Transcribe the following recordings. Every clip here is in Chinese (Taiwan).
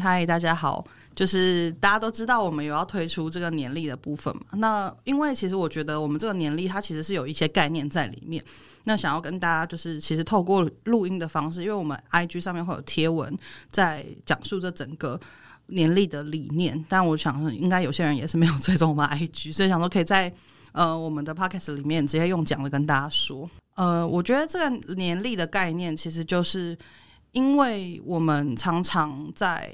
嗨，Hi, 大家好！就是大家都知道我們有要推出這個年曆的部分嘛，那因為其實我覺得我們這個年曆它其實是有一些概念在裡面。那想要跟大家就是其實透過錄音的方式，因為我們 IG 上面會有貼文在講述這整個年曆的理念。但我想應該有些人也是沒有追蹤我們 IG，所以想說可以在呃我們的 Podcast 裡面直接用講的跟大家說。呃，我覺得這個年曆的概念其實就是。因為我們常常在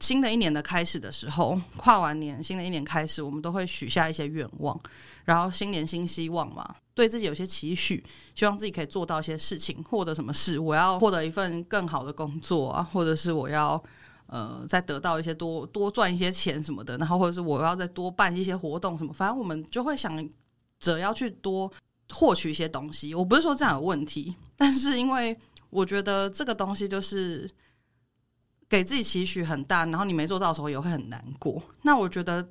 新的一年的開始的時候，跨完年，新的一年開始，我們都會許下一些願望，然後新年新希望嘛，對自己有些期許，希望自己可以做到一些事情，獲得什麼事。我要獲得一份更好的工作啊，或者是我要呃再得到一些多多賺一些錢什麼的，然後或者是我要再多辦一些活動什麼，反正我們就會想着要去多獲取一些東西。我不是說這樣有問題，但是因為。我覺得這個東西就是給自己期許很大，然後你沒做到的時候也會很難過。那我覺得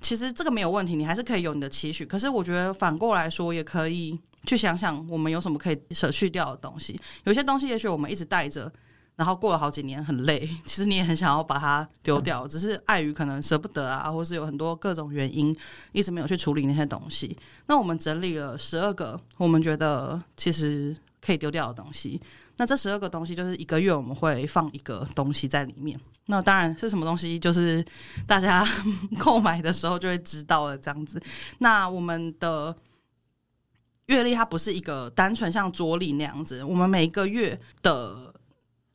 其實這個沒有問題，你還是可以有你的期許。可是我覺得反過來說，也可以去想想我們有什麼可以捨去掉的東西。有些東西也許我們一直帶着，然後過了好幾年很累，其實你也很想要把它丟掉，只是礙於可能捨不得啊，或是有很多各種原因，一直沒有去處理那些東西。那我們整理了十二個，我們覺得其實。可以丟掉的東西，那這十二個東西就是一個月我們會放一個東西在裡面。那當然是什麼東西，就是大家購 買的時候就會知道了這樣子。那我們的月曆它不是一個單純像桌曆那樣子，我們每一個月的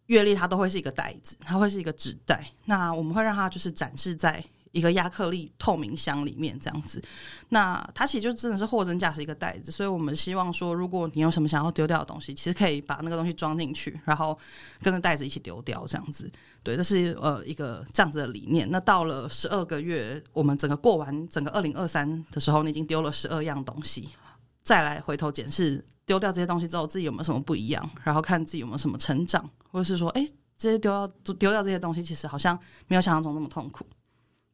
月曆它都會是一個袋子，它會是一個紙袋。那我們會讓它就是展示在。一個亞克力透明箱裡面這樣子，那它其實就真的是貨真價實一個袋子，所以我們希望說，如果你有什麼想要丟掉的東西，其實可以把那個東西裝進去，然後跟着袋子一起丟掉這樣子。對，這是呃一個這樣子的理念。那到了十二個月，我們整個過完整個二零二三的時候，你已經丟了十二樣東西，再來回頭檢視丟掉這些東西之後，自己有沒有什麼不一樣，然後看自己有沒有什麼成長，或者是說，哎、欸，這些丟掉丟掉這些東西，其實好像沒有想象中那麼痛苦。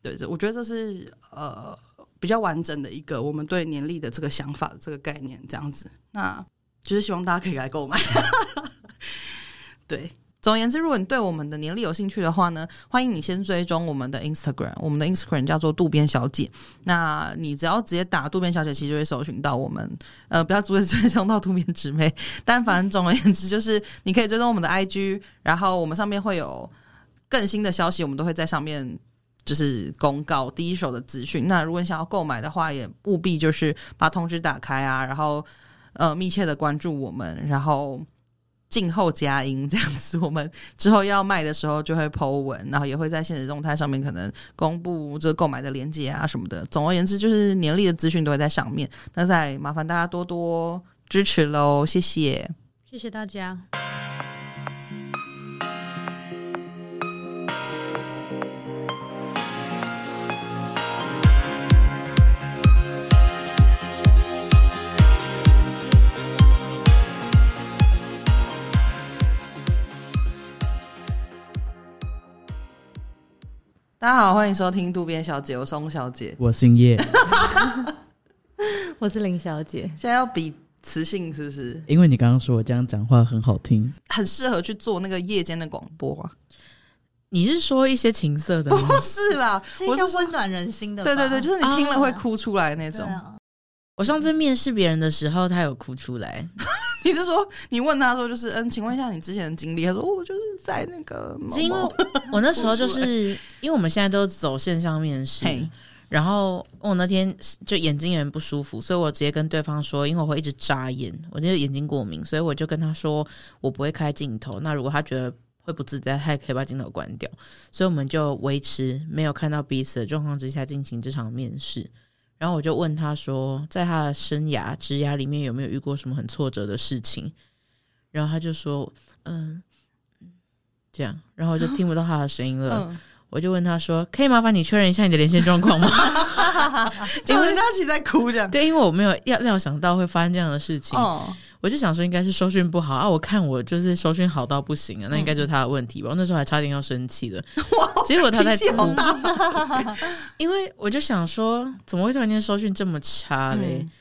對，我覺得這是呃比較完整的一個我們對年曆的這個想法的這個概念，這樣子，那就是希望大家可以來購買。 對，總而言之，如果你對我們的年曆有興趣的話呢，歡迎你先追蹤我們的 Instagram，我們的 Instagram 叫做渡邊小姐。那你只要直接打“渡邊小姐”，其實就會搜尋到我們。呃，不要直接追蹤到渡邊直美，但反正總而言之，就是你可以追蹤我們的 IG，然後我們上面會有更新的消息，我們都會在上面，就是公告第一手的資訊。那如果你想要購買的話，也務必就是把通知打開啊，然後呃密切的關注我們，然後靜候佳音這樣子。我們之後要賣的時候就會 Po 文，然後也會在限時動態上面可能公布這個購買的鏈接啊什麼的。總而言之，就是年曆的資訊都會在上面。那再麻煩大家多多支持嘍，謝謝，謝謝大家。大家好，歡迎收聽渡邊小姐，我是宋小姐，我姓葉， 我是林小姐。現在要比磁性，是不是？因為你剛剛說我這樣講話很好聽，很適合去做那個夜間的廣播啊。你是說一些情色的？不是啦， 我是溫說暖人心的。對對對，就是你聽了會哭出來那種。嗯我上次面試別人的時候，他有哭出來。 你是說你問他說，就是嗯，請問一下你之前的經歷？他說我就是在那個，是因為我，我那時候就是因為我們現在都走線上面試，嘿然後我那天就眼睛有點不舒服，所以我直接跟對方說，因為我會一直眨眼，我就眼睛過敏，所以我就跟他說我不會開鏡頭。那如果他覺得會不自在，他也可以把鏡頭關掉。所以我們就維持沒有看到彼此的狀況之下進行這場面試。然後我就問他說，在他的生涯職涯裡面有沒有遇過什麼很挫折的事情？然後他就說，嗯，這樣，然後我就聽不到他的聲音了。啊嗯、我就問他說，可以麻煩你確認一下你的連線狀況嗎？就是他一直在哭這樣。對，因為我沒有料料想到會發生這樣的事情。哦我就想說，應該是收訊不好啊！我看我就是收訊好到不行啊，那應該就是他的問題吧？嗯、我那時候還差點要生氣了，哦、結果他在，因為我就想說，怎麼會突然間收訊這麼差嘞？嗯、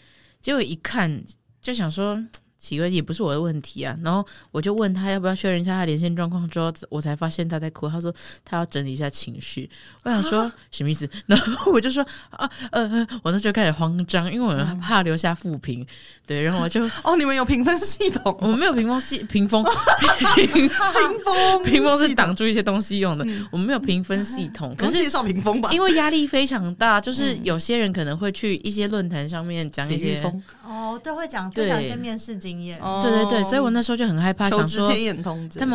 結果一看，就想說。奇怪，也不是我的問題啊，然後我就問他要不要確認一下他連線狀況，之後我才發現他在哭。他說他要整理一下情緒。我想說、啊、什麼意思？然後我就說啊呃，我那時候開始慌張，因為我怕留下負評。嗯、對，然後我就哦，你們有評分系統？我們沒有評分系屏風系屏風 屏，屏風屏風是擋住一些東西用的，嗯、我們沒有評分系統。可是介紹屏風吧，因為壓力非常大，就是有些人可能會去一些論壇上面講一些哦，都會講，對，想面試進。Oh, 對對對，所以我那時候就很害怕，想說他們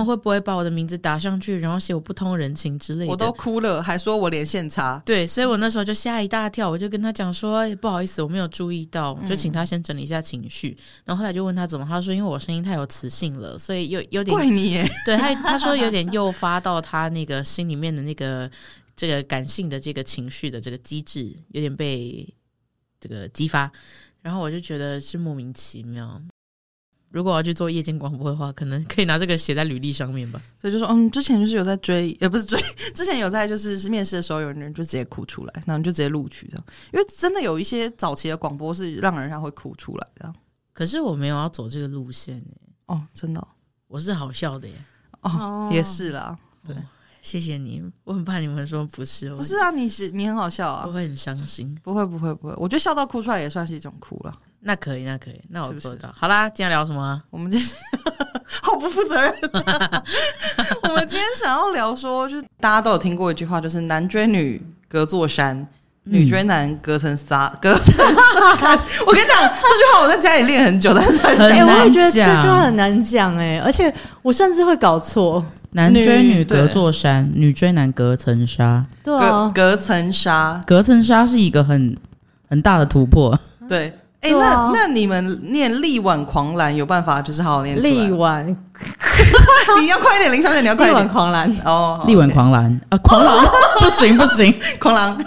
會不會把我的名字打上去，然後寫我不通人情之類的。我都哭了，還說我連線差。對，所以我那時候就嚇一大跳，我就跟他講說、欸、不好意思，我沒有注意到，就請他先整理一下情緒。嗯、然後後來就問他怎麼，他說因為我聲音太有磁性了，所以有有點怪你耶。對他他說有點誘發到他那個心裡面的那個 這個感性的這個情緒的這個機制，有點被這個激發。然後我就覺得是莫名其妙。如果我要去做夜間廣播的話，可能可以拿這個寫在履歷上面吧。所以就說，嗯，之前就是有在追，也不是追，之前有在就是面試的時候，有人就直接哭出來，然後就直接錄取的。因為真的有一些早期的廣播是讓人家會哭出來的、啊。可是我沒有要走這個路線哎、欸。哦，真的、哦，我是好笑的耶、欸。哦，也是啦。哦、對、哦，謝謝你。我很怕你們說不是，不是啊，你是你很好笑啊，我會很傷心。不會，不會，不會。我覺得笑到哭出來也算是一種哭啦。那可以，那可以，那我做到。好啦，今天聊什麼？我們今天好不負責任。我們今天想要聊說，就是大家都有聽過一句話，就是“男追女隔座山，女追男隔層紗，隔層山”。我跟你講，這句話我在家裡練很久，但是在講。我也覺得這句話很難講，哎，而且我甚至會搞錯。男追女隔座山，女追男隔層紗。對啊，隔層紗，隔層紗是一個很很大的突破。對。哎、欸，那、啊、那，那你們念“力挽狂瀾”有辦法，就是好好念力挽， 你要快一點，林小姐，你要快一點。力挽狂瀾，哦，oh, oh, okay. 力挽狂瀾，啊、呃、狂狼不行不行，不行狂狼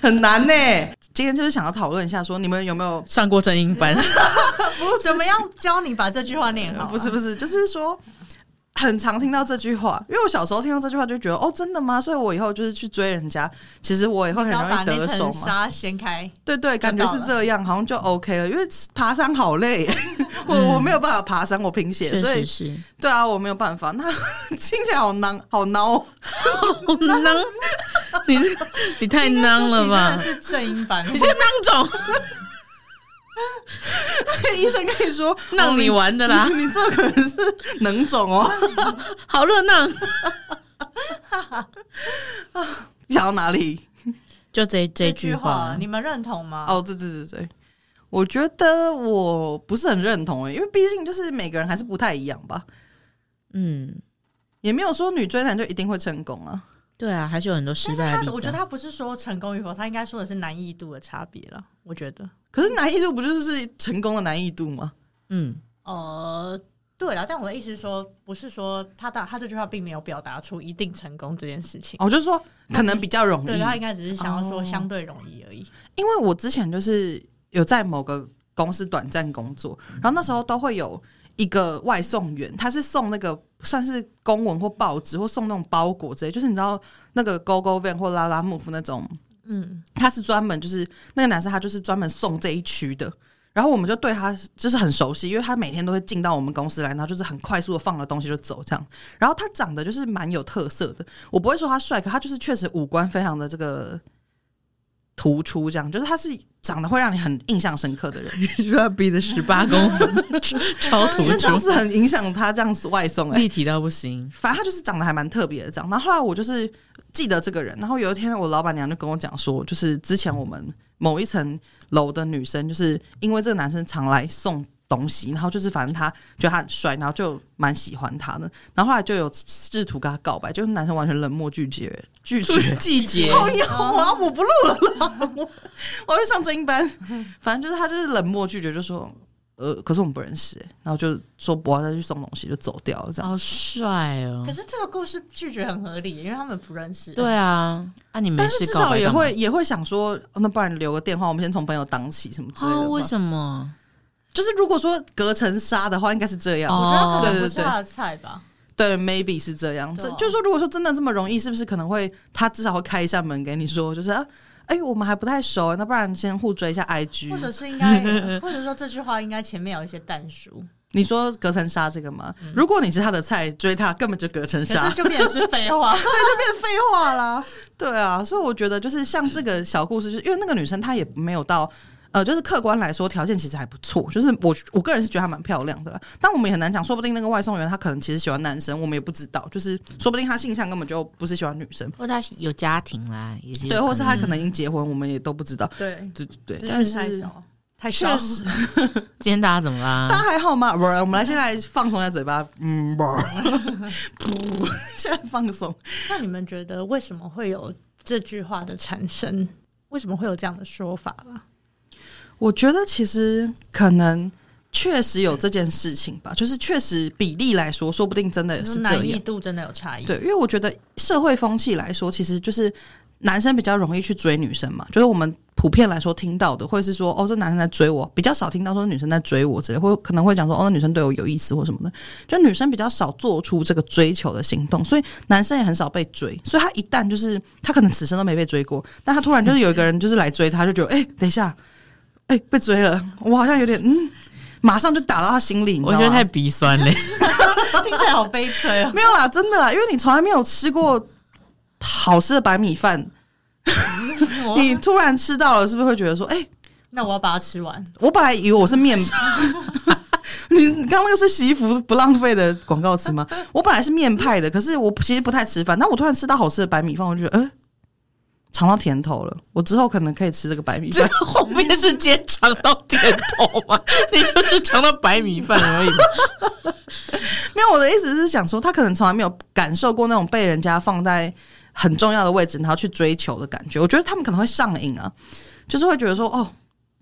很難呢。 今天就是想要討論一下，說你們有沒有上過正音班？怎麼樣教你把這句話念好？不是不是，就是說。很常聽到這句話，因為我小時候聽到這句話就覺得哦，真的嗎？所以我以後就是去追人家。其實我以後很容易得手嘛。對對，感覺是這樣，好像就 OK 了。因為爬山好累，我、嗯、我沒有辦法爬山，我貧血，是是是所以對啊，我沒有辦法。那聽起來好孬，好孬、哦，孬、哦！你你太孬了吧？是，是正音版，你這孬種 醫生跟你說讓你玩的啦。嗯、你，你這可能是能腫哦，你好熱鬧，想到哪裡？就這這句話， 你們認同嗎？哦，對對對對，我覺得我不是很認同耶，因為畢竟就是每個人還是不太一樣吧。嗯，也沒有說女追男就一定會成功啊。對啊，還是有很多失敗。但是他，他我覺得他不是說成功與否，他應該說的是難易度的差別了，我覺得。可是難易度不就是成功的難易度嗎？嗯，呃，對啊。但我的意思是說，不是說他的他這句話並沒有表達出一定成功這件事情。哦，就是說可能比較容易。他就是，對，他應該只是想要說相對容易而已。哦，因為我之前就是有在某個公司短暫工作，然後那時候都會有。一個外送員，他是送那個算是公文或報紙或送那種包裹之類，就是你知道那個 g o g Van 或拉拉 v 夫那種，嗯，他是專門就是那個男生，他就是專門送這一區的。然後我們就對他就是很熟悉，因為他每天都會進到我們公司來，然後就是很快速的放了東西就走這樣。然後他長得就是蠻有特色的，我不會說他帥，可他就是確實五官非常的這個突出，這樣就是他是。長得會讓你很印象深刻的人，說 他鼻子十八公分，超突出，那但是是很影響他這樣子外送，立體到不行。反正他就是長得還蠻特別的，這樣。然後後來我就是記得這個人，然後有一天我老板娘就跟我講說，就是之前我們某一層樓的女生，就是因為這個男生常來送。東西，然後就是反正他覺得他很帥，然後就蠻喜歡他的，然後後來就有試圖跟他告白，就是男生完全冷漠拒絕，拒拒絕。好呀，啊我不錄了， 我要去上正音班。反正就是他就是冷漠拒絕，就說呃，可是我們不認識，然後就說不要再去送東西，就走掉了。這樣好帥哦！可是這個故事拒絕很合理，因為他們不認識。對啊，啊你沒事但是至少也會也會想說，哦，那不然留個電話，我們先從朋友當起什麼之類的，哦，為什麼？就是如果說隔層紗的話，應該是這樣。哦對，不是他的菜吧。對，對，對，對，對，maybe 是這樣。啊、這就是說，如果說真的這麼容易，是不是可能會他至少會開一扇門給你說，就是啊，哎、欸，我們還不太熟，那不然先互追一下 IG。或者是應該， 或者說這句話應該前面有一些但書。你說隔層紗這個嗎？嗯、如果你是他的菜，追他根本就隔層紗，就變成是廢話， 對，就變廢話啦。 對,對啊，所以我覺得就是像這個小故事，就是因為那個女生她也沒有到。呃，就是客觀來說，條件其實還不錯。就是我我個人是覺得她蠻漂亮的啦。但我們也很難講，說不定那個外送員他可能其實喜歡男生，我們也不知道。就是說不定他性向根本就不是喜歡女生，或他有家庭啦，也是對，或是他可能已經結婚，我們也都不知道。對對對對，太但是太少太少。確實。今天大家怎麼啦？大家還好嗎？我們來，現在放鬆一下嘴巴。嗯，不，現在放鬆。那你們覺得為什麼會有這句話的產生？為什麼會有這樣的說法了？我覺得其實可能確實有這件事情吧，嗯、就是確實比例來說，說不定真的是難易度真的有差異。對，因為我覺得社會風氣來說，其實就是男生比較容易去追女生嘛，就是我們普遍來說聽到的，會是說哦，這男生在追我，比較少聽到說女生在追我之類，或可能會講說哦，那女生對我有意思或什麼的，就女生比較少做出這個追求的行動，所以男生也很少被追，所以他一旦就是他可能此生都沒被追過， 但他突然就是有一個人就是來追他，就覺得哎、欸，等一下。哎、欸，被追了，我好像有點嗯，馬上就打到他心裡，我覺得太鼻酸了 聽起來好悲催啊、哦。 沒有啦，真的啦，因為你從來沒有吃過好吃的白米飯，我 你突然吃到了，是不是會覺得說，哎、欸，那我要把它吃完。我本來以為我是麵 你剛剛那個是洗衣服不浪費的廣告詞嗎？我本來是麵派的，可是我其實不太吃飯。那我突然吃到好吃的白米飯，我就覺得，嗯、欸。嘗到甜頭了，我之後可能可以吃這個白米飯。後面是“直接嘗到甜頭”嗎？ 你就是嘗到白米飯而已嗎？ 沒有，我的意思是想說，他可能從來沒有感受過那種被人家放在很重要的位置，然後去追求的感覺。我覺得他們可能會上癮啊，就是會覺得說，哦，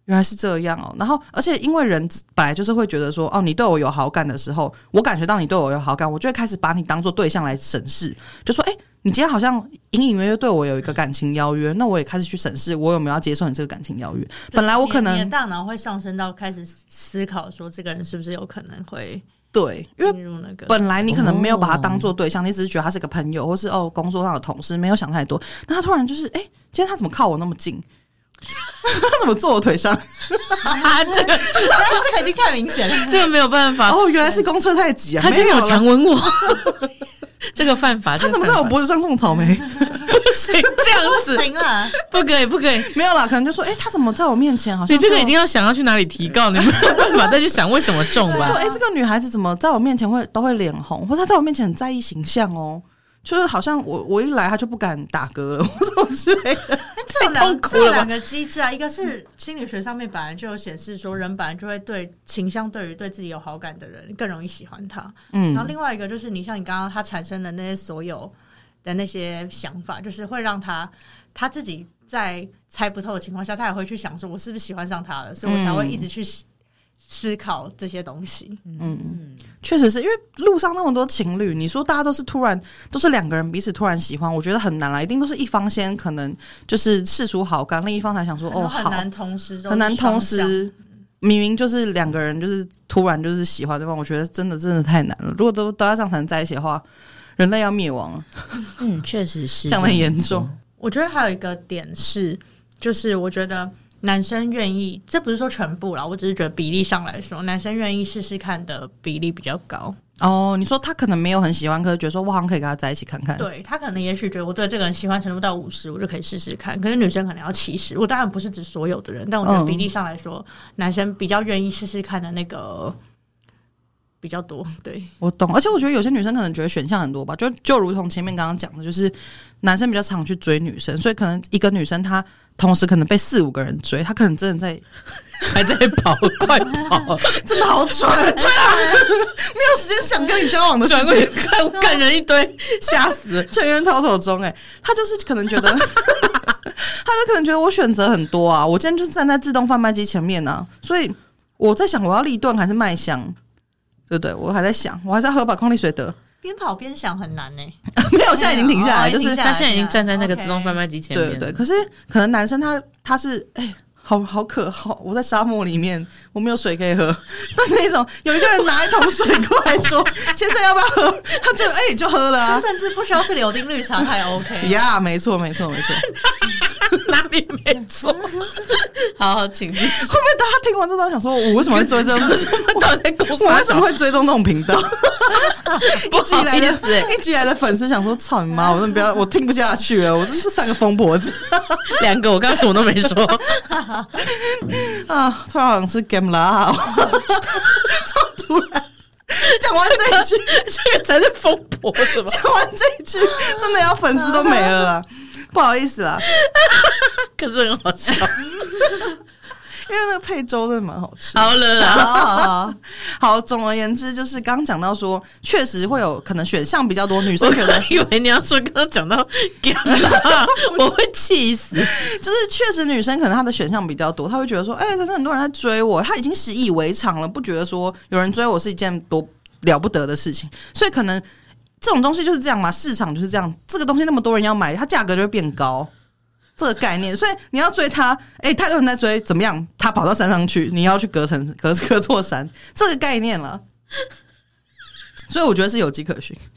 原來是這樣哦。然後，而且因為人本來就是會覺得說，哦，你對我有好感的時候，我感覺到你對我有好感，我就會開始把你當做對象來審視，就說，哎、欸。你今天好像隱隱約約對我有一個感情邀約，那我也開始去審視我有沒有要接受你這個感情邀約。對本來我可能你的大腦會上升到開始思考說，這個人是不是有可能會、那個、對，因為本來你可能沒有把他當做對象，哦、你只是覺得他是個朋友，或是哦工作上的同事，沒有想太多。那他突然就是，哎、欸，今天他怎麼靠我那麼近？ 他怎麼坐我腿上？這 個、嗯、 這個已經太明顯了，這個沒有辦法。哦，原來是公車太擠啊，對他今天有強吻我。 這個犯法，他怎麼在我脖子上種草莓？不行，這樣不行啊。不可以，不可以。 沒有啦，可能就說，哎、欸，他怎麼在我面前好像……你這個一定要想要去哪裡提告， 你沒有辦法再去想為什麼種吧？ 就說，哎、欸，這個女孩子怎麼在我面前會都會臉紅，或者她在我面前很在意形象哦？就是好像我我一來，她就不敢打嗝了，或什麼之類的。這兩個機制啊，一個是心理學上面本來就有顯示說，人本來就會對傾向對於對自己有好感的人更容易喜歡他。嗯，然後另外一個就是你像你剛剛他產生的那些所有的那些想法，就是會讓他他自己在猜不透的情況下，他也會去想說，我是不是喜歡上他了，所以我才會一直去。思考這些東西，嗯，確實是因為路上那麼多情侶，你說大家都是突然都是兩個人彼此突然喜歡，我覺得很難了，一定都是一方先，可能就是釋出好感，另一方才想說哦，好難同時，很難同時，明明就是兩個人就是突然就是喜歡對方，我覺得真的真的太難了。如果都都要上樣在一起的話，人類要滅亡了。嗯，確實是講的嚴重。我覺得還有一個點是，就是我覺得。男生願意，這不是說全部啦。我只是覺得比例上來說，男生願意試試看的比例比較高。哦，你說他可能沒有很喜歡，可是覺得說我好像可以跟他在一起看看。對，他可能也許覺得我對這個人喜歡程度到五十，我就可以試試看。可是女生可能要七十。我當然不是指所有的人，但我覺得比例上來說，嗯、男生比較願意試試看的那個比較多。對，我懂。而且我覺得有些女生可能覺得選項很多吧，就就如同前面剛剛講的，就是男生比較常去追女生，所以可能一個女生她，同時可能被四五個人追，他可能真的在還在跑。 快跑！ 真的好蠢，對啊，沒有時間想跟你交往的事情我感人一堆，嚇 死！全員逃走中、欸，誒，他就是可能覺得， 他就可能覺得我選擇很多啊，我今天就是站在自動販賣機前面呢、啊，所以我在想我要立頓還是麥香，對不對？我還在想，我還是要喝把礦麗水得。邊跑邊想很難呢、欸， 沒有，現在已經停下來，哦、就是他現在已經站在那個自動販賣機前面了。Okay. 對，對對，可是可能男生他他是哎、欸，好好渴，好，我在沙漠裡面，我沒有水可以喝，但 那種有一個人拿一桶水過來說， 先生要不要喝？他就哎、 欸、就喝了，啊。就甚至不需要是柳丁綠茶還 OK 呀、yeah,，沒錯沒錯沒錯。 你沒錯 好，好，請進後面大家聽完這段，想說我我 我：我為什麼會追這種？我為什麼會追蹤這種頻道？ 不好意思一進來，來的粉絲想說：操你媽！我真的不要，我聽不下去了。我這是三個瘋婆子，兩 個我剛剛什麼都沒說 啊！突然好像是 game 了，突然講 完這一句，這個才是瘋婆子嘛！講完這一句，真的要粉絲都沒了啦。不好意思啦，可是很好笑， 因為那個配粥真的蠻好吃。好了啦， 好，好，好，好，好，總而言之就是剛講到說，確實會有可能選項比較多。女生可能以為你要說剛剛講到幹嘛，我，我會氣死。 是，就是確實女生可能她的選項比較多，她會覺得說，哎、欸，可是很多人在追我，她已經習以為常了，不覺得說有人追我是一件多了不得的事情，所以可能。這種東西就是這樣嘛，市場就是這樣，這個東西那麼多人要買，它價格就會變高，這個概念。所以你要追它，哎、欸，太多人在追，怎麼樣？他跑到山上去，你要去隔層隔隔座山，這個概念了。所以我覺得是有跡可循。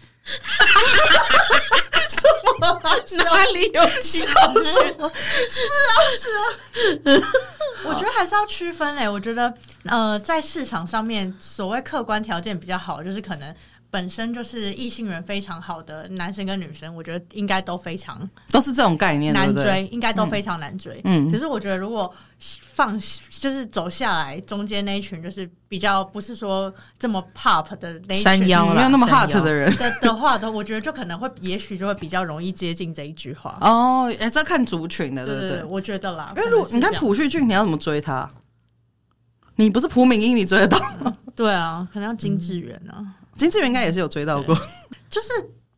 什麼？哪裡、 啊、有跡可循？是啊，是啊。 我覺得還是要區分嘞、欸。我覺得，呃，在市場上面，所謂客觀條件比較好，就是可能。本身就是異性緣非常好的男生跟女生，我覺得應該都非常都是這種概念對對，難追應該都非常難追。嗯，只是我覺得如果放就是走下來、嗯、中間那一群，就是比較不是說這麼 pop 的那一群山沒有那麼 hot 的人的， 的，的話，的我覺得就可能會也許就會比較容易接近這一句話。哦，哎、欸，這看族群的，對不對？對對對，我覺得啦，因如果可是你看朴敘俊，你要怎麼追他？你不是朴敏英，你追得到嗎？嗯、對啊，可能要金智媛啊。嗯。金智媛應該也是有追到過對， 就是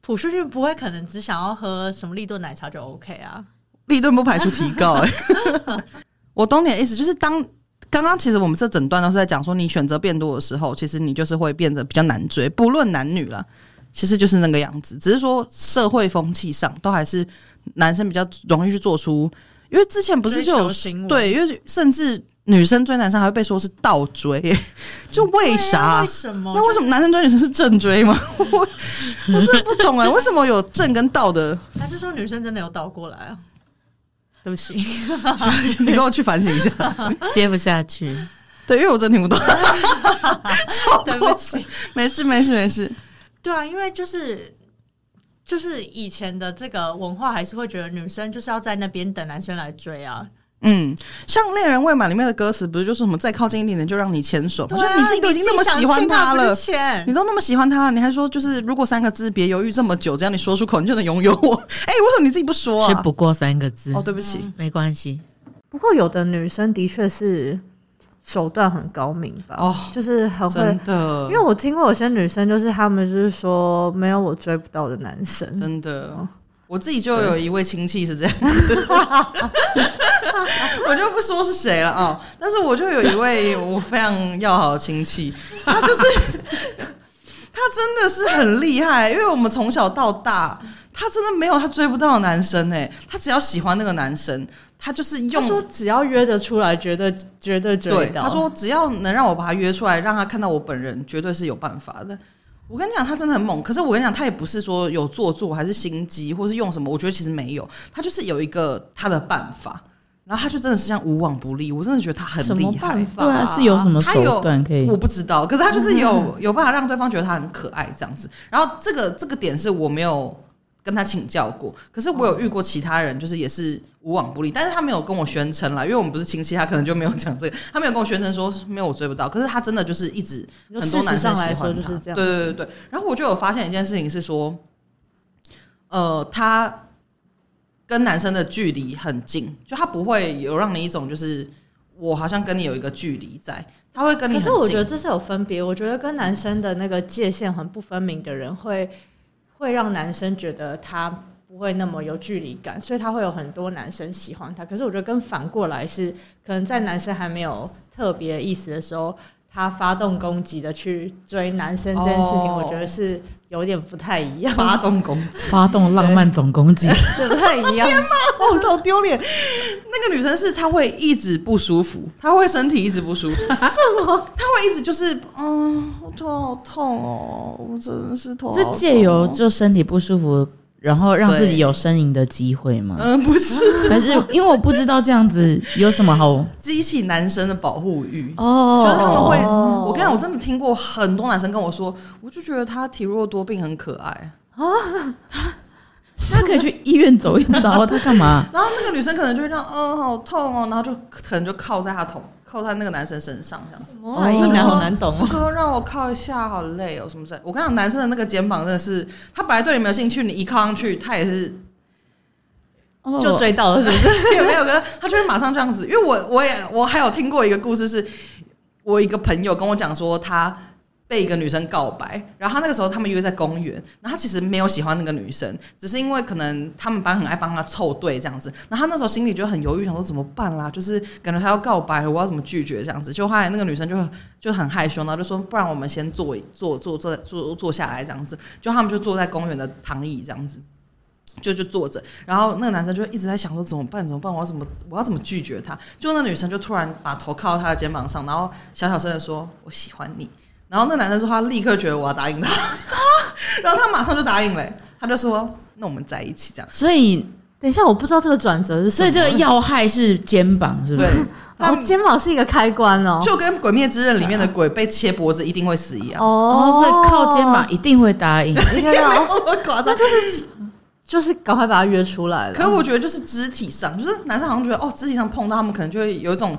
朴敘俊不會可能只想要喝什麼立頓奶茶就 OK 啊，立頓不排除提高、欸。 我懂你的意思，就是當，當剛剛其實我們這整段都是在講說，你選擇變多的時候，其實你就是會變得比較難追，不論男女啦，其實就是那個樣子，只是說社會風氣上都還是男生比較容易去做出，因為之前不是就有對，因為甚至。女生追男生還會被說是倒追，就為啥？為什麼？那為什麼男生追女生是正追嗎？我，我是不懂哎、啊， 為什麼有正跟倒的？還是說女生真的有倒過來啊？對不起， 你跟我去反省一下，接不下去。對，因為我真的聽不懂。 對不起， 沒事沒事沒事。對啊，因為就是就是以前的這個文化還是會覺得女生就是要在那邊等男生來追啊。嗯，像《戀人未滿》裡面的歌詞，不是就是什麼“再靠近一點點就讓你牽手嗎”？我覺得你自己都已經那麼喜歡他了，你,他你都那麼喜歡他了，你還說就是如果三個字，別猶豫這麼久，只要你說出口，你就能擁有我。哎、欸，為什麼你自己不說啊？不過三個字哦，對不起，嗯、沒關係。不過有的女生的確是手段很高明吧？哦，就是很會的。因為我聽過有些女生，就是她們就是說沒有我追不到的男生。真的，哦、我自己就有一位親戚是這樣的。 我就不說是誰了啊，哦，但是我就有一位我非常要好的親戚，他就是他真的是很厲害，因為我們從小到大，他真的沒有他追不到的男生呢。他只要喜歡那個男生，他就是用他說，只要約得出來，絕對絕對追到。對，他說只要能讓我把他約出來，讓他看到我本人，絕對是有辦法的。我跟你講，他真的很猛。可是我跟你講，他也不是說有做作，還是心機，或是用什麼，我覺得其實沒有，他就是有一個他的辦法。然後他就真的是像無往不利，我真的覺得他很厲害，啊，對啊，啊，是有什麼手段可以？他有，我不知道，可是他就是有、嗯、哼有辦法讓對方覺得他很可愛這樣子。然後這個這個點是我沒有跟他請教過，可是我有遇過其他人，就是也是無往不利，哦、但是他沒有跟我宣稱啦，因為我們不是親戚，他可能就沒有講這個，他沒有跟我宣稱說沒有我追不到，可是他真的就是一直很多男生喜歡他，就就是這樣，對對對對。然後我就有發現一件事情是說，呃，他。跟男生的距離很近，就他不會有讓你一種就是我好像跟你有一個距離在，他會跟你，可是我覺得這是有分別，我覺得跟男生的那個界限很不分明的人會，會會讓男生覺得他不會那麼有距離感，所以他會有很多男生喜歡他。可是我覺得跟反過來是，可能在男生還沒有特別意思的時候。他發動攻擊的去追男生這件事情，我覺得是有點不太一樣。發動攻擊，發動浪漫總攻擊，這不太一樣。天吶，我好丟臉。那個女生是她會一直不舒服，她會身體一直不舒服。什麼？她會一直就是，嗯，我頭好痛哦，我真的是頭。這藉由就身體不舒服。然後讓自己有呻吟的機會嗎？嗯，不是，啊、我可是因為我不知道這樣子有什麼好，激起男生的保護欲哦，就是他們會，哦、我剛才我真的聽過很多男生跟我說，我就覺得他體弱多病很可愛啊。啊他可以去醫院走一遭，他幹嘛？ 然後那個女生可能就會這樣：“嗯、哦，好痛哦。”然後就可能就靠在他頭，靠在那個男生身上，這樣子。什麼、啊？很難懂、哦。他說：“讓我靠一下，好累哦，什麼事？”我看你男生的那個肩膀真的是，他本來對你沒有興趣，你一靠上去，他也是就追到了，是不是？也 沒有，哥，他就會馬上這樣子。因為我我也我還有聽過一個故事是，是我一個朋友跟我講說他。被一個女生告白，然後他那個時候他們約在公園，那他其實沒有喜歡那個女生，只是因為可能他們班很愛幫他湊對這樣子。那他那時候心裡就很猶豫，想說怎麼辦啦？就是感覺他要告白，我要怎麼拒絕這樣子？就後來那個女生就就很害羞，然後就說：“不然我們先坐坐坐坐坐坐下來這樣子。”就他們就坐在公園的躺椅這樣子，就就坐着。然後那個男生就一直在想說：“怎麼辦？怎麼辦？我要怎麼我要怎麼拒絕她？”就那女生就突然把頭靠到他的肩膀上，然後小小聲的說：“我喜歡你。”然後那男生說，他立刻覺得我要答應他，然後他馬上就答應了。他就說：“那我們在一起這樣。”所以等一下，我不知道這個轉折，所以這個要害是肩膀，是不是？對，肩膀是一個開關哦、喔，就跟《鬼滅之刃》裡面的鬼被切脖子一定會死一樣哦，所以靠肩膀一定會答應。我靠，他就是就是趕快把他約出來了。可我覺得就是肢體上，就是男生好像覺得哦，肢體上碰到他們可能就會有一種。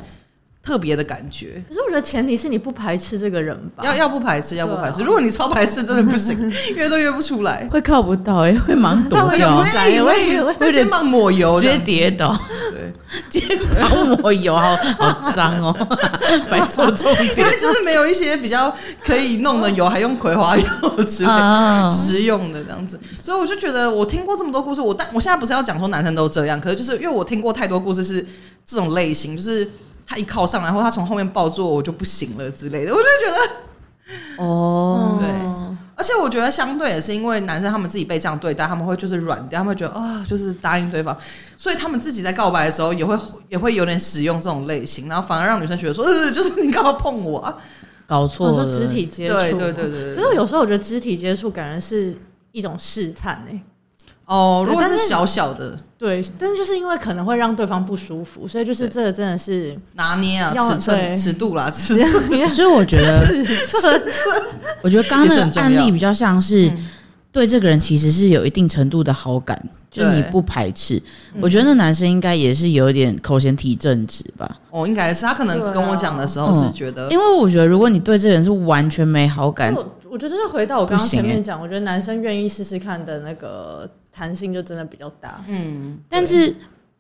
特別的感覺，可是我覺得前提是你不排斥這個人吧？要要不排斥，要不排斥。如果你超排斥，真的不行，約都約不出來，會靠不到，哎，會忙多掉，會肩膀抹油，直接跌倒，肩膀抹油，好好髒哦，沒錯，重點就是沒有一些比較可以弄的油，還用葵花油之類實用的這樣子，所以我就覺得我聽過這麼多故事，我但我現在不是要講說男生都這樣，可是就是因為我聽過太多故事是這種類型，就是。他一靠上，然後他從後面抱住，我就不行了之類的，我就覺得，哦，對，而且我覺得相對也是因為男生他們自己被這樣對待，他們會就是軟掉，他們會覺得啊、哦，就是答應對方，所以他們自己在告白的時候也會也會有點使用這種類型，然後反而讓女生覺得說，呃，就是你剛剛碰我、啊，搞錯錯了、哦，肢體接觸，對對對，所以有時候我覺得肢體接觸感覺是一種試探哎、欸。哦，如果是小小的，對，但是就是因為可能會讓對方不舒服，所以就是這個真的是拿捏啊，尺寸、尺度啦，尺寸。所以我覺得，尺寸，我覺得剛剛那個案例比較像是對這個人其實是有一定程度的好感，就你不排斥。我覺得那男生應該也是有一點口嫌體正直吧？哦，應該是他可能跟我講的時候是覺得，因為我覺得如果你對這個人是完全沒好感，我覺得回到我剛剛前面講，我覺得男生願意試試看的那個。彈性就真的比較大，嗯，對但是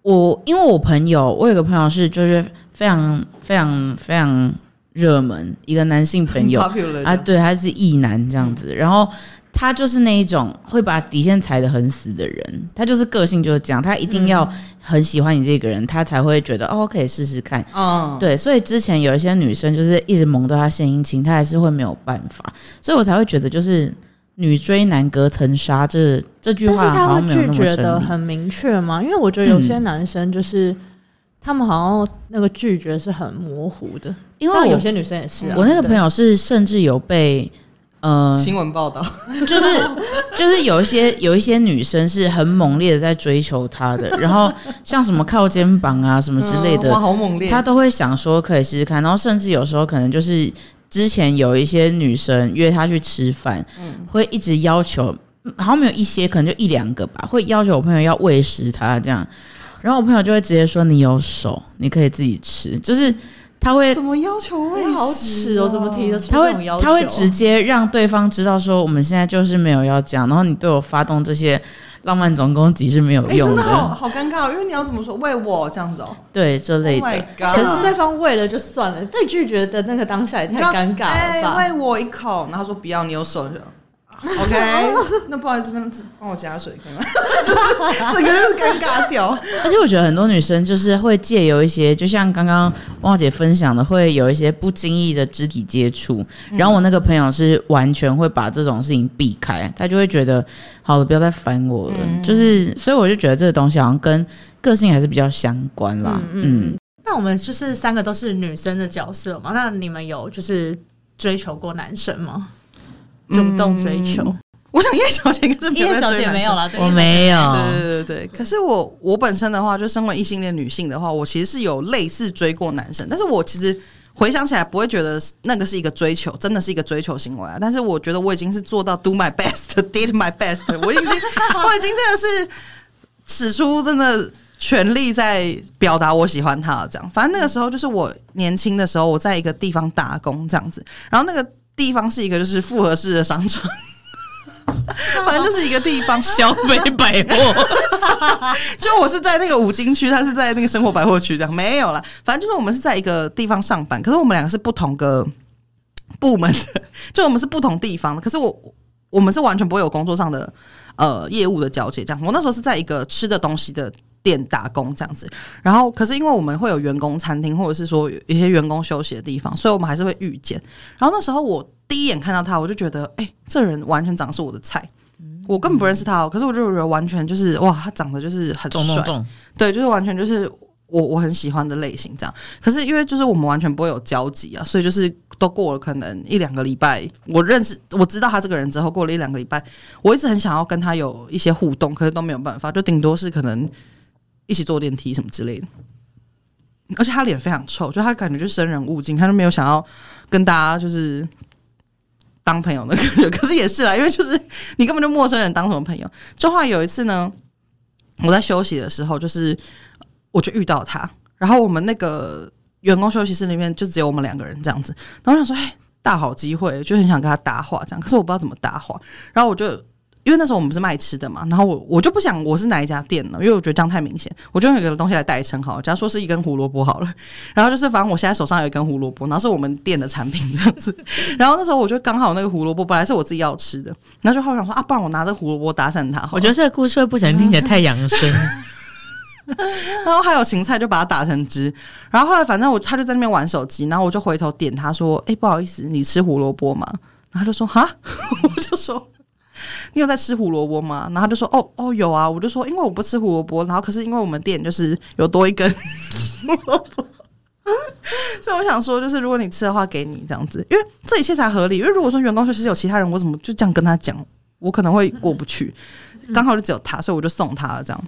我因為我朋友，我有個朋友是就是非常非常非常熱門一個男性朋友 啊，對，他是異男這樣子，嗯、然後他就是那一種會把底線踩得很死的人，他就是個性就是這樣，他一定要很喜歡你這個人，他才會覺得、嗯、哦我可以試試看，哦、嗯，對，所以之前有一些女生就是一直蒙到他獻殷勤，他還是會沒有辦法，所以我才會覺得就是。女追男隔層紗，這這句話他會拒絕的很明確嗎？因為我覺得有些男生就是，嗯、他們好像那個拒絕是很模糊的。因為有些女生也是、啊，我那個朋友是甚至有被，嗯、呃，新聞報道就是就是有一些 有一些女生是很猛烈的在追求他的，然後像什麼靠肩膀啊什麼之類的，哇、嗯，好猛烈，他都會想說可以試試看，然後甚至有時候可能就是。之前有一些女生約他去吃飯，嗯，會一直要求，好像沒有一些，可能就一兩個吧，會要求我朋友要餵食他這樣，然後我朋友就會直接說：“你有手，你可以自己吃。”就是。他會怎麼要求餵好吃哦？怎麼提的出來？他會直接讓對方知道說，我們現在就是沒有要講，然後你對我發動這些浪漫總攻擊是沒有用的，欸、真的好好尷尬、哦。因為你要怎麼說餵我這樣子？哦。對，這類的。Oh、可是對方餵了就算了，被拒絕的那個當下也太尷尬了吧？餵、欸、我一口，然後說不要，你有手的。OK，那不好意思，幫幫我加水，可以嗎？ 整個就是尷尬掉。而且我覺得很多女生就是會借由一些，就像剛剛汪姐分享的，會有一些不經意的肢體接觸。嗯、然後我那個朋友是完全會把這種事情避開，她就會覺得好了，不要再煩我了。嗯、就是所以我就覺得這個東西好像跟個性還是比較相關啦。嗯，嗯，嗯那我們就是三個都是女生的角色嘛？那你們有就是追求過男生嗎？主動追求、嗯，我想葉小姐可是，葉小姐沒有了，對，我沒有，對對對、對、對。可是我我本身的話，就身為異性戀女性的話，我其實是有類似追過男生，但是我其實回想起來不會覺得那個是一個追求，真的是一個追求行為啊。但是我覺得我已經是做到 do my best，did my best，我已經 我已經真的是使出真的全力在表達我喜歡他了。這樣，反正那個時候就是我年輕的時候，我在一個地方打工這樣子，然後那個。地方是一個就是複合式的商場， 反正就是一個地方消費百貨。 就我是在那個五金區，他是在那個生活百貨區這樣，沒有啦。反正就是我們是在一個地方上班，可是我們兩個是不同個部門的，就我們是不同地方的。可是我我們是完全不會有工作上的呃業務的交接這樣。我那時候是在一個吃的東西的店打工這樣子，然後可是因為我們會有員工餐廳，或者是說有一些員工休息的地方，所以我們還是會遇見。然後那時候我第一眼看到他，我就覺得，哎、欸，這人完全長是我的菜。嗯、我根本不認識他哦，嗯、可是我就覺得完全就是哇，他長得就是很帥，重重對，就是完全就是我我很喜歡的類型這樣。可是因為就是我們完全不會有交集啊，所以就是都過了可能一兩個禮拜，我認識我知道他這個人之後，過了一兩個禮拜，我一直很想要跟他有一些互動，可是都沒有辦法，就頂多是可能。一起坐電梯什麼之類的，而且他臉非常臭，就他感覺就生人勿近，他就沒有想要跟大家就是當朋友的感覺。可是也是啦，因為就是你根本就陌生人當什麼朋友。就後來有一次呢，我在休息的時候，就是我就遇到他，然後我們那個員工休息室裡面就只有我們兩個人這樣子，然後我想說哎，大好機會，就很想跟他搭話，這樣，可是我不知道怎麼搭話，然後我就。因為那時候我們是賣吃的嘛，然後我我就不想我是哪一家店了，因為我覺得這樣太明顯。我就用一個東西來代稱，好，假如說是一根胡蘿蔔好了，然後就是反正我現在手上有一根胡蘿蔔，那是我們店的產品這樣子。然後那時候我就剛好那個胡蘿蔔本來是我自己要吃的，然後就後來想說啊，不然我拿着胡蘿蔔打散他。我覺得這個故事會不想聽起來太養生。 然後還有芹菜，就把它打成汁。然後後來反正我他就在那邊玩手機，然後我就回頭點他說：“哎、欸，不好意思，你吃胡蘿蔔嘛？”然後他就說：“哈， 我就說。”你有在吃胡蘿蔔嗎？然後就說哦哦有啊，我就說，因為我不吃胡蘿蔔，然後可是因為我們店就是有多一根胡蘿蔔。所以我想說就是如果你吃的話，給你這樣子，因為這一切才合理。因為如果說員工確實有其他人，我怎麼就這樣跟他講，我可能會過不去。嗯、剛好就只有他，所以我就送他了這樣。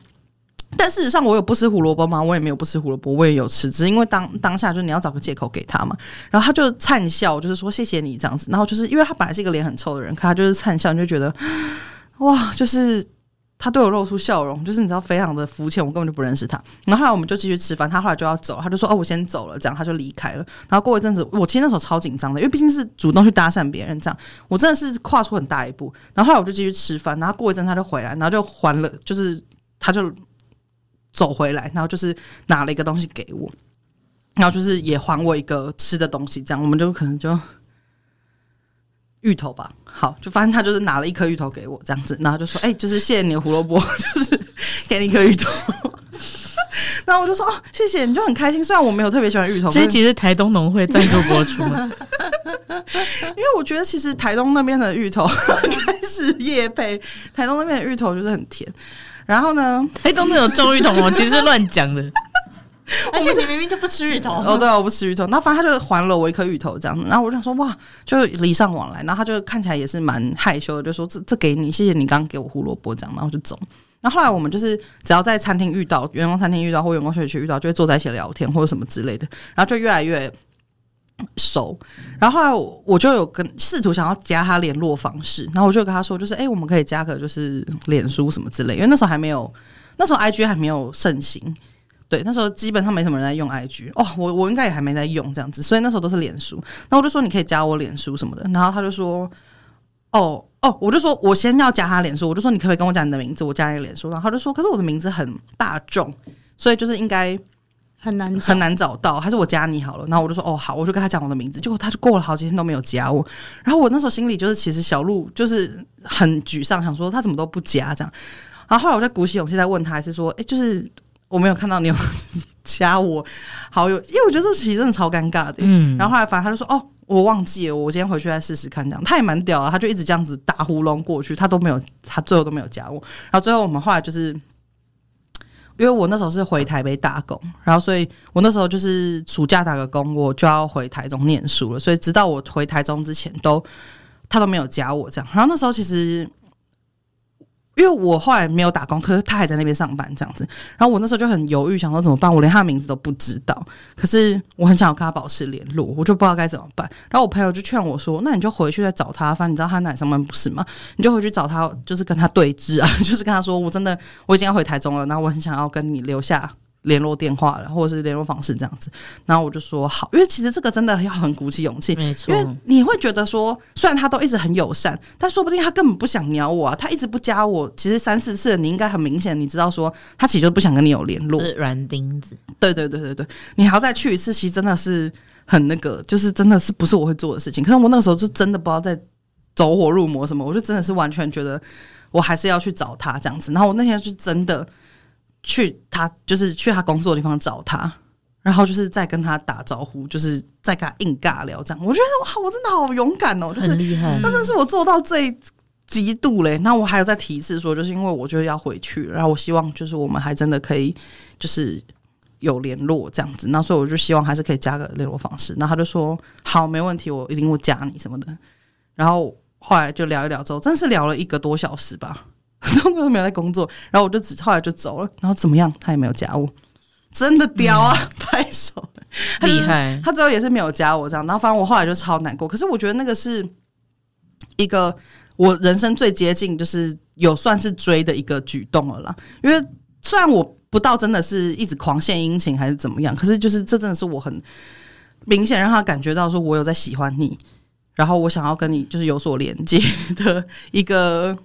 但事實上，我有不吃胡蘿蔔嗎？我也沒有不吃胡蘿蔔，我也有吃。只是因為當當下，就是你要找個借口給他嘛。然後他就燦笑，就是說謝謝你這樣子。然後就是因為他本來是一個臉很臭的人，可他就是燦笑，你就覺得哇，就是他對我露出笑容，就是你知道非常的膚淺。我根本就不認識他。然後後來我們就繼續吃飯，他後來就要走，他就說哦，我先走了這樣，他就離開了。然後過一陣子，我其實那時候超緊張的，因為畢竟是主動去搭訕別人，這樣我真的是跨出很大一步。然後後來我就繼續吃飯，然後過一陣他就回來，然後就還了，就是他就。走回來，然後就是拿了一個東西給我，然後就是也還我一個吃的東西，這樣我們就可能就芋頭吧。好，就發現他就是拿了一顆芋頭給我，這樣子，然後就說：“哎、欸，就是謝謝你的胡蘿蔔，就是給你一顆芋頭。 ”然後我就說：“哦，謝謝。”你就很開心，雖然我沒有特別喜歡芋頭。這一集是台東農會贊助播出， 因為我覺得其實台東那邊的芋頭應該是業配，台東那邊的芋頭就是很甜。然後呢？哎、欸，都沒有種芋頭 我其實亂講的。而且你明明就不吃芋頭。 哦，對啊，我不吃芋頭。那反正他就還了我一顆芋頭，這樣子。然後我就想說哇，就禮尚往來。然後他就看起來也是蠻害羞的，就說這這給你，謝謝你剛給我胡蘿蔔，這樣。然後就走。然後後來我們就是只要在餐廳遇到，員工餐廳遇到或員工休息區遇到，就會坐在一起聊天或者什麼之類的。然後就越來越。熟，然後後來我我就有跟試圖想要加他聯絡方式，然後我就跟他說，就是誒、欸，我們可以加個就是臉書什麼之類的，因為那時候還沒有，那時候 IG 還沒有盛行，對，那時候基本上沒什麼人在用 IG，哦，我我應該也還沒在用這樣子，所以那時候都是臉書，然後我就說你可以加我臉書什麼的，然後他就說，哦哦，我就說我先要加他臉書，我就說你可不可以跟我講你的名字，我加你臉書，然後他就說，可是我的名字很大眾，所以就是應該。很難很難找到，找到還是我加你好了。然後我就說哦好，我就跟他講我的名字。結果他就過了好幾天都沒有加我。然後我那時候心裡就是，其實小鹿就是很沮喪，想說他怎麼都不加這樣。然後後來我在鼓起勇氣再問他，是說哎、欸，就是我沒有看到你有加我好友，因為我覺得這其實真的超尷尬的。嗯，然後後來反正他就說哦，我忘記了，我今天回去再試試看這樣。他也蠻屌啊，他就一直這樣子打呼嚕過去，他都沒有，他最後都沒有加我。然後最後我們後來就是。因為我那時候是回台北打工，然後所以我那時候就是暑假打個工，我就要回台中念書了。所以直到我回台中之前都，都他都沒有加我這樣。然後那時候其實。因為我後來沒有打工，可是他還在那邊上班這樣子。然後我那時候就很猶豫，想說怎麼辦？我連他的名字都不知道，可是我很想要跟他保持聯絡，我就不知道該怎麼辦。然後我朋友就勸我說：“那你就回去再找他，反正你知道他哪上班不是嗎？你就回去找他，就是跟他對峙啊，就是跟他說，我真的我已經要回台中了，然後我很想要跟你留下。”聯絡電話了，或者是聯絡方式這樣子，然後我就說好，因為其實這個真的要很鼓起勇氣，沒錯，因為你會覺得說，雖然他都一直很友善，但說不定他根本不想鳥我啊，他一直不加我，其實三四次你應該很明顯，你知道說他其實就不想跟你有聯絡，是軟釘子，對對對對對，你還要再去一次，其實真的是很那個，就是真的是不是我會做的事情？可是我那個時候就真的不知道在走火入魔什麼，我就真的是完全覺得我還是要去找他這樣子，然後我那天是真的。去他就是去他工作的地方找他，然後就是在跟他打招呼，就是在跟他硬尬聊這樣。我覺得我我真的好勇敢哦，就是厲害，那真是我做到最極度嘞。那我還有在提示說，就是因為我就要回去，然後我希望就是我們還真的可以就是有聯絡這樣子。那所以我就希望還是可以加個聯絡方式。那他就說好，沒問題，我一定會加你什麼的。然後後來就聊一聊，之後真是聊了一個多小時吧。 都沒有沒有在工作，然後我就只後來就走了，然後怎麼樣他也沒有加我，真的屌啊！嗯、拍手厲害，他最後也是沒有加我這樣，然後反正我後來就超難過。可是我覺得那個是一個我人生最接近就是有算是追的一個舉動了啦，因為雖然我不到真的是一直狂獻殷勤還是怎麼樣，可是就是這真的是我很明顯讓他感覺到說我有在喜歡你，然後我想要跟你就是有所連接的一個。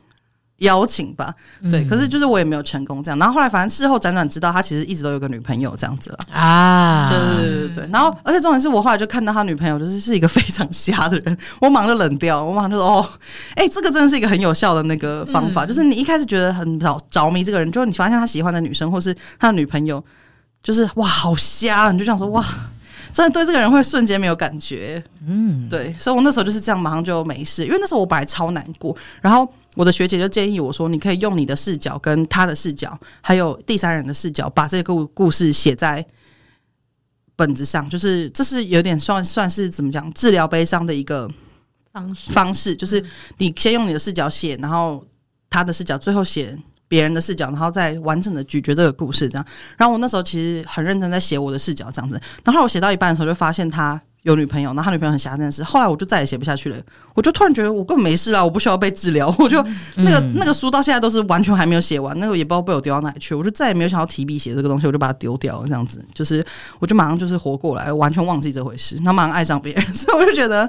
邀請吧，對，嗯、可是就是我也沒有成功這樣。然後後來，反正事後輾轉知道，他其實一直都有個女朋友這樣子了啊。對對對對對。然後，而且重點是我後來就看到他女朋友，就是是一個非常瞎的人。我馬上就冷掉，我馬上就說：“哦，哎、欸，這個真的是一個很有效的那個方法。嗯、就是你一開始覺得很着着迷這個人，就是你發現他喜歡的女生或是他的女朋友，就是哇，好瞎！啊！你就這樣說，哇，真的對這個人會瞬間沒有感覺。嗯，對。所以我那時候就是這樣，馬上就沒事。因為那時候我本來超難過，然後。我的學姐就建議我說：“你可以用你的視角、跟他的視角，還有第三人的視角，把這個故事寫在本子上。就是，這是有點算算是怎麼講？治療悲傷的一個方式，方式就是你先用你的視角寫，然後他的視角，最後寫別人的視角，然後再完整的咀嚼這個故事。這樣。然後我那時候其實很認真在寫我的視角，這樣子。然後我寫到一半的時候，就發現他。”有女朋友，然後他女朋友很狹窄，但是後來我就再也寫不下去了，我就突然覺得我根本沒事啊，我不需要被治療，我就那個、嗯、那個書到現在都是完全還沒有寫完，那個也不知道被我丟到哪裡去，我就再也沒有想要提筆寫這個東西，我就把它丟掉，這樣子。就是我就馬上就是活過來，完全忘記這回事，然後馬上愛上別人，所以我就覺得。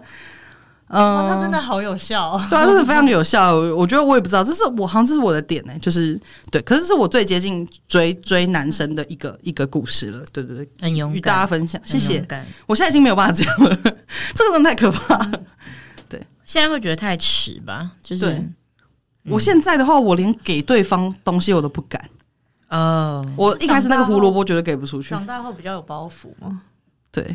嗯、欸，他真的好有效，哦、嗯，對啊，真的非常有效。我覺得我也不知道，這是我好像這是我的點呢、欸，就是對，可是是我最接近追追男生的一個一個故事了。對對對，很，嗯、勇敢與大家分享，謝謝。嗯、我現在已經沒有辦法這樣了呵呵，這個真的太可怕了。對，現在會覺得太遲吧？就是對、嗯、我現在的話，我連給對方東西我都不敢。哦，我一開始那個胡蘿蔔覺得給不出去長，長大後比較有包袱嘛。對。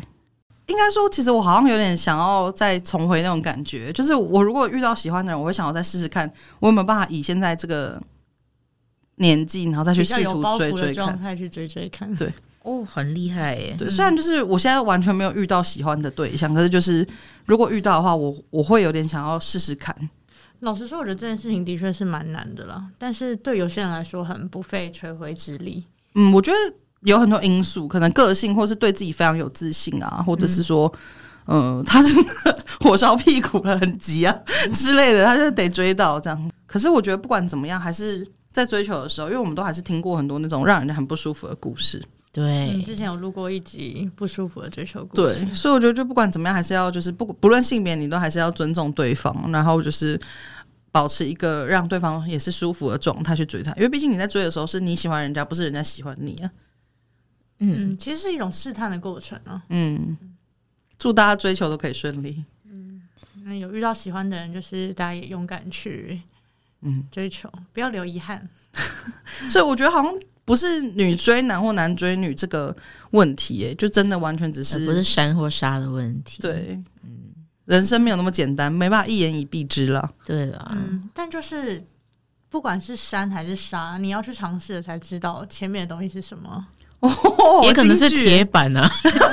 應該說，其實我好像有點想要再重回那種感覺，就是我如果遇到喜歡的人，我會想要再試試看，我有沒有辦法以現在這個年紀，然後再去試圖追追看，去追追看。對，哦，很厲害耶。對，雖然就是我現在完全沒有遇到喜歡的對象，嗯、可是就是如果遇到的話，我我會有點想要試試看。老實說，我覺得這件事情的確是蠻難的了，但是對有些人來說，很不費吹灰之力。嗯，我覺得。有很多因素，可能個性，或是對自己非常有自信啊，或者是說，嗯，呃，他是火燒屁股了，很急啊之類的，他就得追到這樣。可是我覺得不管怎麼樣，還是在追求的時候，因為我們都還是聽過很多那種讓人家很不舒服的故事。對，嗯，之前有錄過一集不舒服的追求故事。對，所以我覺得就不管怎麼樣，還是要就是不不論性別，你都還是要尊重對方，然後就是保持一個讓對方也是舒服的狀態去追他，因為畢竟你在追的時候是你喜歡人家，不是人家喜歡你啊。嗯，其實是一種試探的過程、啊、嗯，祝大家追求都可以順利。嗯，那有遇到喜歡的人，就是大家也勇敢去嗯追求，嗯、不要留遺憾。 所以我覺得好像不是女追男或男追女這個問題、欸，就真的完全只是、呃、不是山或沙的問題。對，嗯、人生沒有那麼簡單，沒辦法一言以蔽之了。對的啦，嗯，但就是不管是山還是沙，你要去嘗試了才知道前面的東西是什麼。哦、也可能是鐵板呢、啊，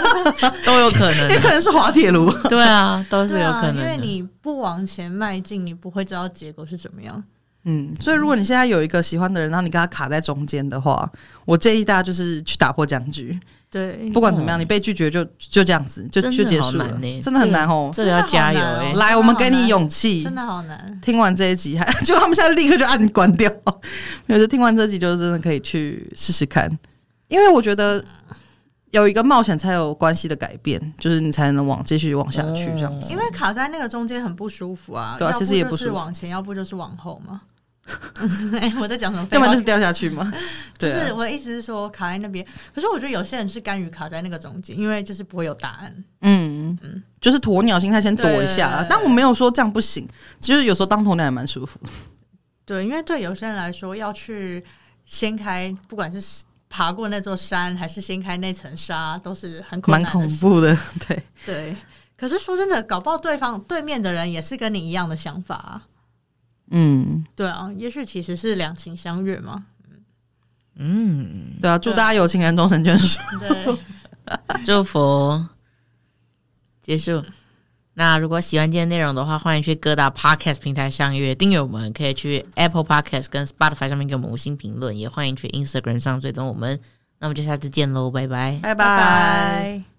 都有可能。也可能是滑鐵盧。對啊，都是有可能、啊。因為你不往前邁進，你不會知道結果是怎麼樣。嗯，所以如果你現在有一個喜歡的人，然後你跟他卡在中間的話，嗯、我建議大家就是去打破僵局。對，不管怎麼樣，哦、你被拒絕就就這樣子，就、欸、就結束了。真的好難、哦、真的很難哦。這個要加油哎、欸！來，我們給你勇氣。真的好難。聽完這一集，還就他們現在立刻就按關掉。 沒有的聽完這集，就真的可以去試試看。因為我覺得有一個冒險才有關係的改變，就是你才能往繼續往下去這樣子。因為卡在那個中間很不舒服啊，對，啊，其實也不是往前，要不就是往後嘛。 我在講什麼？要不然就是掉下去嘛。 就是我的意思是說，卡在那邊。啊、可是我覺得有些人是甘於卡在那個中間，因為就是不會有答案。嗯嗯，嗯就是鴕鳥心態先躲一下。但我沒有說這樣不行，其、就、實、是、有時候當鴕鳥也蠻舒服。對，因為對有些人來說，要去掀開，不管是。爬過那座山，還是掀開那層紗，都是很恐怖，蠻恐怖的，對對。可是說真的，搞不好對方對面的人也是跟你一樣的想法啊。嗯，對啊，也許其實是兩情相悅嘛。嗯，對啊，祝大家有情人終成眷屬。對， 祝福結束。那如果喜歡今天內容的話，歡迎去各大 Podcast 平台上訂閱訂閱我們，可以去 Apple Podcast 跟 Spotify 上面給我們五星評論，也歡迎去 Instagram 上追蹤我們。那我們就下次見嘍，拜拜，拜拜 bye。Bye bye